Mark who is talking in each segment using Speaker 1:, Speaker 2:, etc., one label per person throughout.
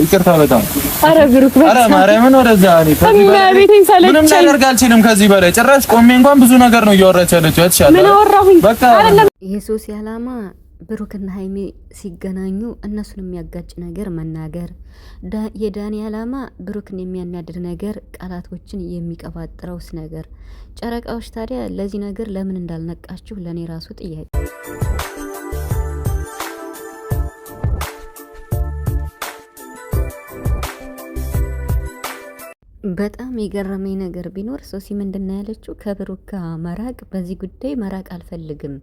Speaker 1: ይቅርታ በጣም ኧረ ብሩክ ኧረ ማርያምን ወደዛ እኔ ምንም ላደርግ አልችልም ከዚህ በላይ ጭራሽ ቆሜ እንኳን ብዙ ነገር ነው እያወራች ያለችው
Speaker 2: ምን አወራሁኝ ይሄ ሶሲ አላማ ብሩክና ሀይሜ ሲገናኙ እነሱን የሚያጋጭ ነገር መናገር የዳኒ አላማ ብሩክን የሚያናድድ ነገር ቃላቶችን የሚቀባጥረውስ ነገር ጨረቃዎች ታዲያ ለዚህ ነገር ለምን እንዳልነቃችሁ ለእኔ ራሱ ጥያቄ በጣም የገረመኝ ነገር ቢኖር ሶሲ ምንድን ያለችው? ከብሩክ ጋር መራቅ በዚህ ጉዳይ መራቅ አልፈልግም።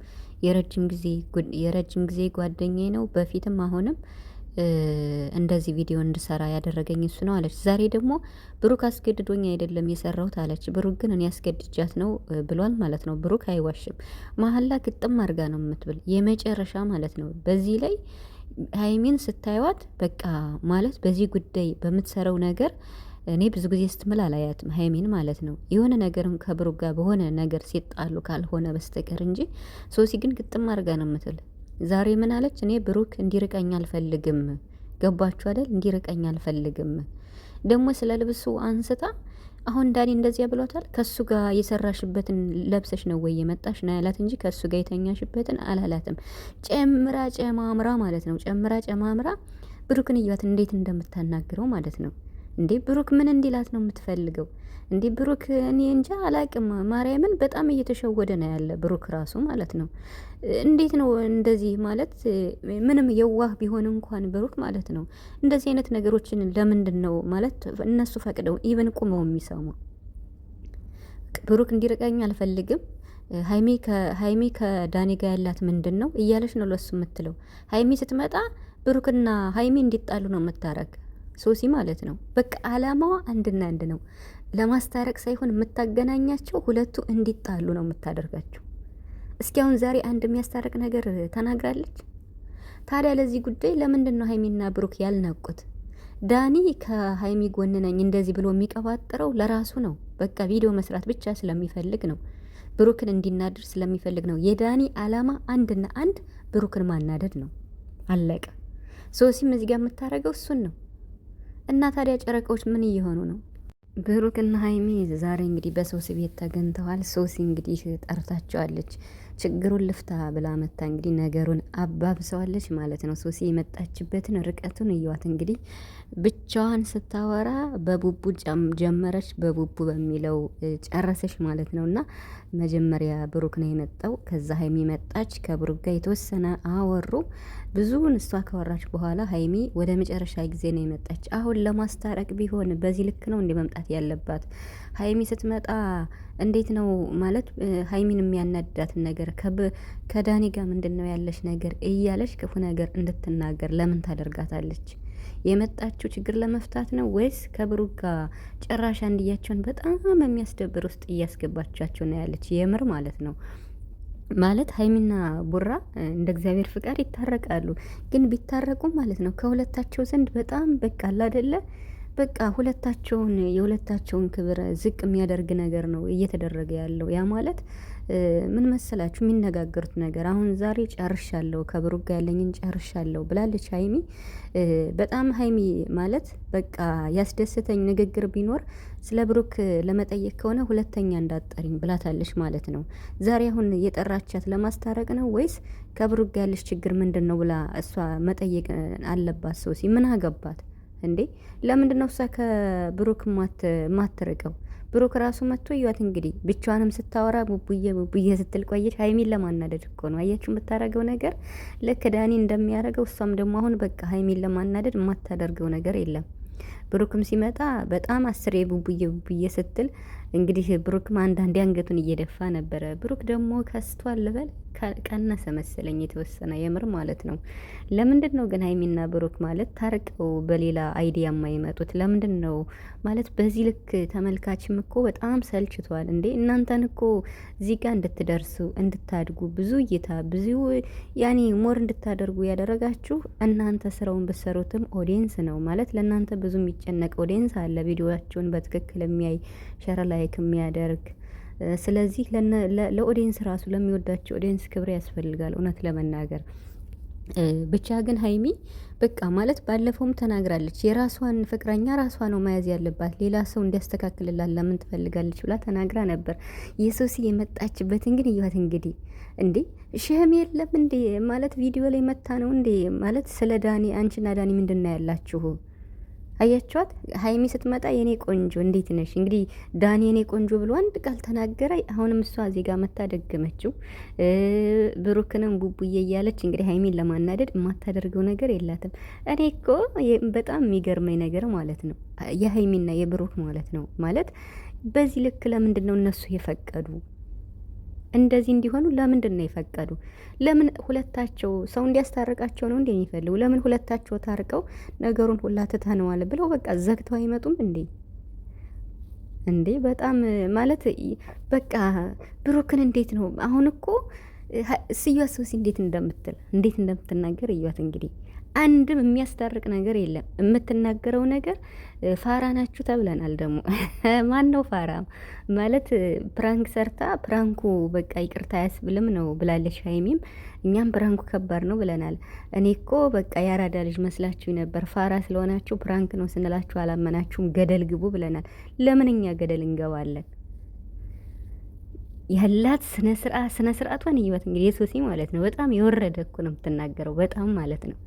Speaker 2: የረጅም ጊዜ ጓደኛዬ ነው። በፊትም አሁንም እንደዚህ ቪዲዮ እንድሰራ ያደረገኝ እሱ ነው አለች። ዛሬ ደግሞ ብሩክ አስገድዶኝ አይደለም የሰራሁት አለች። ብሩክ ግን እኔ አስገድጃት ነው ብሏል ማለት ነው። ብሩክ አይዋሽም። መሀላ ግጥም አድርጋ ነው የምትብል የመጨረሻ ማለት ነው። በዚህ ላይ ሀይሚን ስታይዋት በቃ ማለት በዚህ ጉዳይ በምትሰራው ነገር እኔ ብዙ ጊዜ ስትምል አላያትም ሀይሚን ማለት ነው። የሆነ ነገርም ከብሩክ ጋር በሆነ ነገር ሲጣሉ ካልሆነ በስተቀር እንጂ ሶሲ ግን ግጥም አድርጋ ነው የምትል። ዛሬ ምን አለች? እኔ ብሩክ እንዲርቀኝ አልፈልግም። ገባችሁ አይደል? እንዲርቀኝ አልፈልግም። ደግሞ ስለ ልብሱ አንስታ አሁን ዳኒ እንደዚያ ብሏታል። ከሱ ጋር የሰራሽበትን ለብሰሽ ነው ወይ የመጣሽ ና ያላት እንጂ ከሱ ጋር የተኛሽበትን አላላትም። ጨምራ ጨማምራ ማለት ነው። ጨምራ ጨማምራ ብሩክን እያት እንዴት እንደምታናግረው ማለት ነው። እንዴ ብሩክ ምን እንዲላት ነው የምትፈልገው? እንዴ ብሩክ እኔ እንጃ አላቅም። ማርያምን በጣም እየተሸወደ ነው ያለ ብሩክ ራሱ ማለት ነው። እንዴት ነው እንደዚህ ማለት ምንም የዋህ ቢሆን እንኳን ብሩክ ማለት ነው እንደዚህ አይነት ነገሮችን ለምንድን ነው ማለት እነሱ ፈቅደው ኢቨን ቁመው የሚሰሙ ብሩክ እንዲርቀኝ አልፈልግም ሀይሚ ከዳኒ ጋ ያላት ምንድን ነው እያለች ነው ለሱ የምትለው። ሀይሚ ስትመጣ ብሩክና ሀይሚ እንዲጣሉ ነው የምታረግ ሶሲ ማለት ነው። በቃ አላማዋ አንድና አንድ ነው። ለማስታረቅ ሳይሆን የምታገናኛቸው ሁለቱ እንዲጣሉ ነው የምታደርጋቸው። እስኪ አሁን ዛሬ አንድ የሚያስታርቅ ነገር ተናግራለች። ታዲያ ለዚህ ጉዳይ ለምንድን ነው ሀይሚና ብሩክ ያልናቁት? ዳኒ ከሀይሚ ጎን ነኝ እንደዚህ ብሎ የሚቀባጥረው ለራሱ ነው። በቃ ቪዲዮ መስራት ብቻ ስለሚፈልግ ነው። ብሩክን እንዲናደር ስለሚፈልግ ነው። የዳኒ አላማ አንድና አንድ ብሩክን ማናደድ ነው። አለቀ። ሶሲም እዚህ ጋር የምታደርገው እሱን ነው። እና ታዲያ ጨረቃዎች ምን እየሆኑ ነው? ብሩክና ሀይሚ ዛሬ እንግዲህ በሶሲ ቤት ተገኝተዋል። ሶሲ እንግዲህ ጠርታቸዋለች። ችግሩን ልፍታ ብላ መታ እንግዲህ ነገሩን አባብሰዋለች ማለት ነው። ሶሲ የመጣችበትን ርቀቱን እየዋት እንግዲህ ብቻዋን ስታወራ በቡቡ ጀመረች፣ በቡቡ በሚለው ጨረሰች ማለት ነው። እና መጀመሪያ ብሩክ ነው የመጣው፣ ከዛ ሀይሚ መጣች። ከብሩክ ጋር የተወሰነ አወሩ። ብዙውን እሷ ካወራች በኋላ ሀይሚ ወደ መጨረሻ ጊዜ ነው የመጣች። አሁን ለማስታረቅ ቢሆን በዚህ ልክ ነው እንዲህ መምጣት ያለባት። ሀይሚ ስትመጣ እንዴት ነው ማለት ሀይሚን የሚያናዳትን ነገር ነገር ከዳኒ ጋር ምንድን ነው ያለሽ ነገር እያለሽ ክፉ ነገር እንድትናገር ለምን ታደርጋታለች? የመጣችው ችግር ለመፍታት ነው ወይስ ከብሩ ጋር ጭራሽ አንድያቸውን በጣም የሚያስደብር ውስጥ እያስገባቻቸው ነው ያለች? የምር ማለት ነው ማለት ሀይሚና ቡራ እንደ እግዚአብሔር ፍቃድ ይታረቃሉ። ግን ቢታረቁ ማለት ነው ከሁለታቸው ዘንድ በጣም በቃ አላደለ በቃ ሁለታቸውን የሁለታቸውን ክብር ዝቅ የሚያደርግ ነገር ነው እየተደረገ ያለው ያ ማለት ምን መሰላችሁ የሚነጋገሩት ነገር አሁን ዛሬ ጨርሻለሁ ከብሩክ ጋር ያለኝን ጨርሻለሁ ብላለች ሀይሚ። በጣም ሀይሚ ማለት በቃ ያስደስተኝ ንግግር ቢኖር ስለ ብሩክ ለመጠየቅ ከሆነ ሁለተኛ እንዳጠሪኝ ብላታለች ማለት ነው። ዛሬ አሁን የጠራቻት ለማስታረቅ ነው ወይስ ከብሩክ ጋር ያለች ችግር ምንድን ነው ብላ እሷ መጠየቅ አለባት? ሰው ሲ ምን አገባት እንዴ? ለምንድን ነው እሷ ከብሩክ ማትርቀው? ብሩክ ራሱ መጥቶ እያት እንግዲህ ብቻዋንም ስታወራ ቡቡዬ ቡቡዬ ስትል ቆየች። ሀይሚን ለማናደድ እኮ ነው አያችሁ የምታደርገው ነገር ልክ ዳኒ እንደሚያደርገው እሷም ደግሞ አሁን በቃ ሀይሚን ለማናደድ የማታደርገው ነገር የለም። ብሩክም ሲመጣ በጣም አስሬ ቡቡዬ ቡቡዬ ስትል እንግዲህ ብሩክም አንዳንዴ አንገቱን እየደፋ ነበረ። ብሩክ ደግሞ ከስቷል ልበል ቀነሰ መሰለኝ የተወሰነ የምር ማለት ነው። ለምንድን ነው ግን ሀይሚና ብሩክ ማለት ታርቀው በሌላ አይዲያ የማይመጡት ለምንድን ነው ማለት? በዚህ ልክ ተመልካችም እኮ በጣም ሰልችቷል እንዴ! እናንተን እኮ እዚህ ጋር እንድትደርሱ እንድታድጉ፣ ብዙ እይታ ብዙ ያኔ ሞር እንድታደርጉ ያደረጋችሁ እናንተ ስራውን ብትሰሩትም ኦዲየንስ ነው ማለት ለእናንተ ብዙ የሚጨነቅ ኦዲየንስ አለ፣ ቪዲዮቸውን በትክክል የሚያይ ሸር ላይክ የሚያደርግ ስለዚህ ለኦዲየንስ ራሱ ለሚወዳቸው ኦዲየንስ ክብር ያስፈልጋል። እውነት ለመናገር ብቻ ግን ሀይሚ በቃ ማለት ባለፈውም ተናግራለች። የራሷን ፍቅረኛ ራሷ ነው መያዝ ያለባት፣ ሌላ ሰው እንዲያስተካክልላት ለምን ትፈልጋለች ብላ ተናግራ ነበር። የሶሲ የመጣችበት ግን እያት እንግዲህ እንዴ ሸህም የለም እንዴ ማለት ቪዲዮ ላይ መታ ነው እንዴ ማለት ስለ ዳኒ አንቺና ዳኒ ምንድን ነው ያላችሁ? አያችኋት ሀይሚ ስትመጣ የኔ ቆንጆ እንዴት ነሽ? እንግዲህ ዳኒ የኔ ቆንጆ ብሎ አንድ ቃል ተናገረ። አሁንም እሷ ዜጋ መታ ደገመችው። ብሩክንም ቡቡዬ እያለች እንግዲህ ሀይሚን ለማናደድ የማታደርገው ነገር የላትም። እኔ እኮ በጣም የሚገርመኝ ነገር ማለት ነው የሀይሚና የብሩክ ማለት ነው ማለት በዚህ ልክ ለምንድን ነው እነሱ የፈቀዱ እንደዚህ እንዲሆኑ ለምንድን ነው የፈቀዱ? ለምን ሁለታቸው ሰው እንዲያስታርቃቸው ነው እንዴ የሚፈልጉ? ለምን ሁለታቸው ታርቀው ነገሩን ሁላ ትተነዋል ብለው በቃ ዘግተው አይመጡም እንዴ? እንዴ በጣም ማለት በቃ ብሩክን እንዴት ነው አሁን እኮ ስዩት ሰውሲ እንዴት እንደምትል እንዴት እንደምትናገር እዩት እንግዲህ አንድም የሚያስታርቅ ነገር የለም። የምትናገረው ነገር ፋራ ናችሁ ተብለናል። ደግሞ ማን ነው ፋራ ማለት? ፕራንክ ሰርታ ፕራንኩ በቃ ይቅርታ ያስብልም ነው ብላለች ሀይሚም። እኛም ፕራንኩ ከባድ ነው ብለናል። እኔ እኮ በቃ ያራዳ ልጅ መስላችሁ ነበር። ፋራ ስለሆናችሁ ፕራንክ ነው ስንላችሁ አላመናችሁም። ገደል ግቡ ብለናል። ለምን እኛ ገደል እንገባለን? ያላት ስነ ስርዓት ስነ ስርዓቷን እንግዲህ የሶሲ ማለት ነው። በጣም የወረደ እኮ ነው የምትናገረው፣ በጣም ማለት ነው።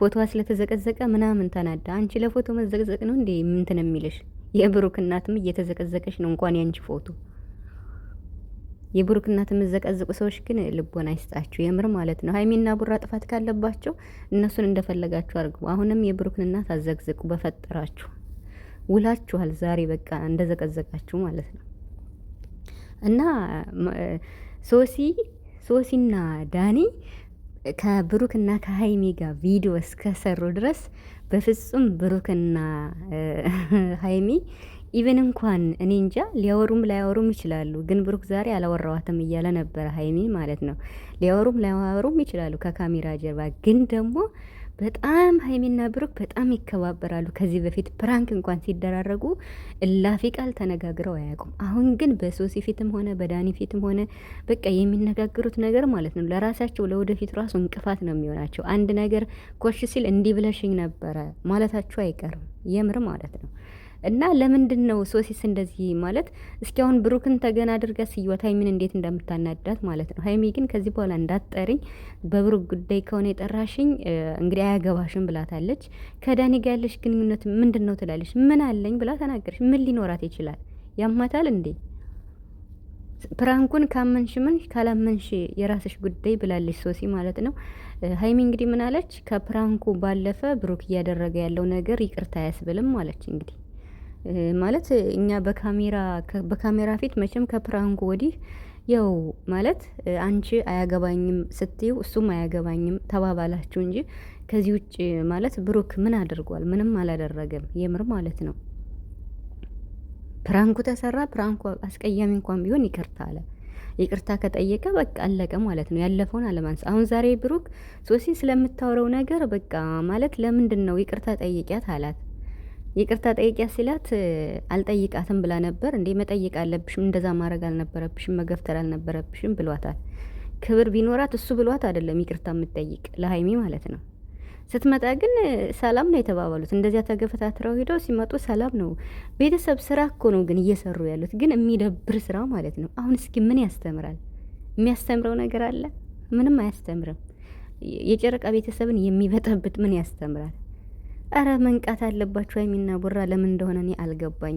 Speaker 2: ፎቶዋ ስለተዘቀዘቀ ምናምን ተናዳ፣ አንቺ ለፎቶ መዘቅዘቅ ነው እንዴ ምንትን የሚልሽ? የብሩክ እናትም እየተዘቀዘቀች ነው፣ እንኳን ያንቺ ፎቶ። የብሩክ እናት የምዘቀዝቁ ሰዎች ግን ልቦና አይስጣቸው የምር ማለት ነው። ሀይሚና ቡራ ጥፋት ካለባቸው እነሱን እንደፈለጋችሁ አድርጉ። አሁንም የብሩክን እናት አዘግዝቁ በፈጠራችሁ ውላችኋል። ዛሬ በቃ እንደዘቀዘቃችሁ ማለት ነው። እና ሶሲ ሶሲና ዳኒ ከብሩክና ከሀይሚ ጋር ቪዲዮ እስከሰሩ ድረስ በፍጹም ብሩክና ሀይሚ ኢቨን እንኳን እኔ እንጃ ሊያወሩም ላያወሩም ይችላሉ። ግን ብሩክ ዛሬ አላወራዋትም እያለ ነበረ ሀይሚ ማለት ነው። ሊያወሩም ላያወሩም ይችላሉ ከካሜራ ጀርባ ግን ደግሞ በጣም ሀይሚና ብሩክ በጣም ይከባበራሉ። ከዚህ በፊት ፕራንክ እንኳን ሲደራረጉ እላፊ ቃል ተነጋግረው አያውቁም። አሁን ግን በሶሲ ፊትም ሆነ በዳኒ ፊትም ሆነ በቃ የሚነጋገሩት ነገር ማለት ነው ለራሳቸው ለወደፊት ራሱ እንቅፋት ነው የሚሆናቸው። አንድ ነገር ኮሽ ሲል እንዲህ ብለሽኝ ነበረ ማለታቸው አይቀርም። የምር ማለት ነው እና ለምንድን ነው ሶሲስ እንደዚህ ማለት? እስኪ አሁን ብሩክን ተገና አድርጋ ስይወት ሀይሚን እንዴት እንደምታናዳት ማለት ነው። ሀይሚ ግን ከዚህ በኋላ እንዳትጠሪኝ በብሩክ ጉዳይ ከሆነ የጠራሽኝ እንግዲህ አያገባሽም ብላታለች። ከዳኒ ጋር ያለሽ ግንኙነት ምንድን ነው ትላለች። ምን አለኝ ብላ ተናገረች። ምን ሊኖራት ይችላል? ያማታል እንዴ? ፕራንኩን ካመንሽ ምን ካላመንሽ የራስሽ ጉዳይ ብላለች ሶሲ ማለት ነው። ሀይሚ እንግዲህ ምን አለች? ከፕራንኩ ባለፈ ብሩክ እያደረገ ያለው ነገር ይቅርታ አያስብልም አለች እንግዲህ ማለት እኛ በካሜራ በካሜራ ፊት መቼም ከፕራንኩ ወዲህ ያው ማለት አንቺ አያገባኝም ስትዩ እሱም አያገባኝም ተባባላችሁ እንጂ ከዚህ ውጭ ማለት ብሩክ ምን አድርጓል? ምንም አላደረገም። የምር ማለት ነው። ፕራንኩ ተሰራ። ፕራንኩ አስቀያሚ እንኳን ቢሆን ይቅርታ አለ። ይቅርታ ከጠየቀ በቃ አለቀ ማለት ነው። ያለፈውን አለማንስ። አሁን ዛሬ ብሩክ ሶሲ ስለምታወረው ነገር በቃ ማለት ለምንድን ነው ይቅርታ ጠይቂያት አላት። ይቅርታ ጠይቂያ ሲላት አልጠይቃትም ብላ ነበር። እንዴ መጠየቅ አለብሽም፣ እንደዛ ማድረግ አልነበረብሽም፣ መገፍተር አልነበረብሽም ብሏታል። ክብር ቢኖራት እሱ ብሏት አይደለም ይቅርታ የምትጠይቅ ለሀይሚ ማለት ነው። ስትመጣ ግን ሰላም ነው የተባባሉት። እንደዚያ ተገፈታትረው ሂደው ሲመጡ ሰላም ነው። ቤተሰብ ስራ እኮ ነው ግን እየሰሩ ያሉት ግን የሚደብር ስራ ማለት ነው። አሁን እስኪ ምን ያስተምራል? የሚያስተምረው ነገር አለ? ምንም አያስተምርም። የጨረቃ ቤተሰብን የሚበጠብጥ ምን ያስተምራል? ረ መንቃት አለባችሁ። ሀይሚና ቡራ ለምን እንደሆነ እኔ አልገባኝ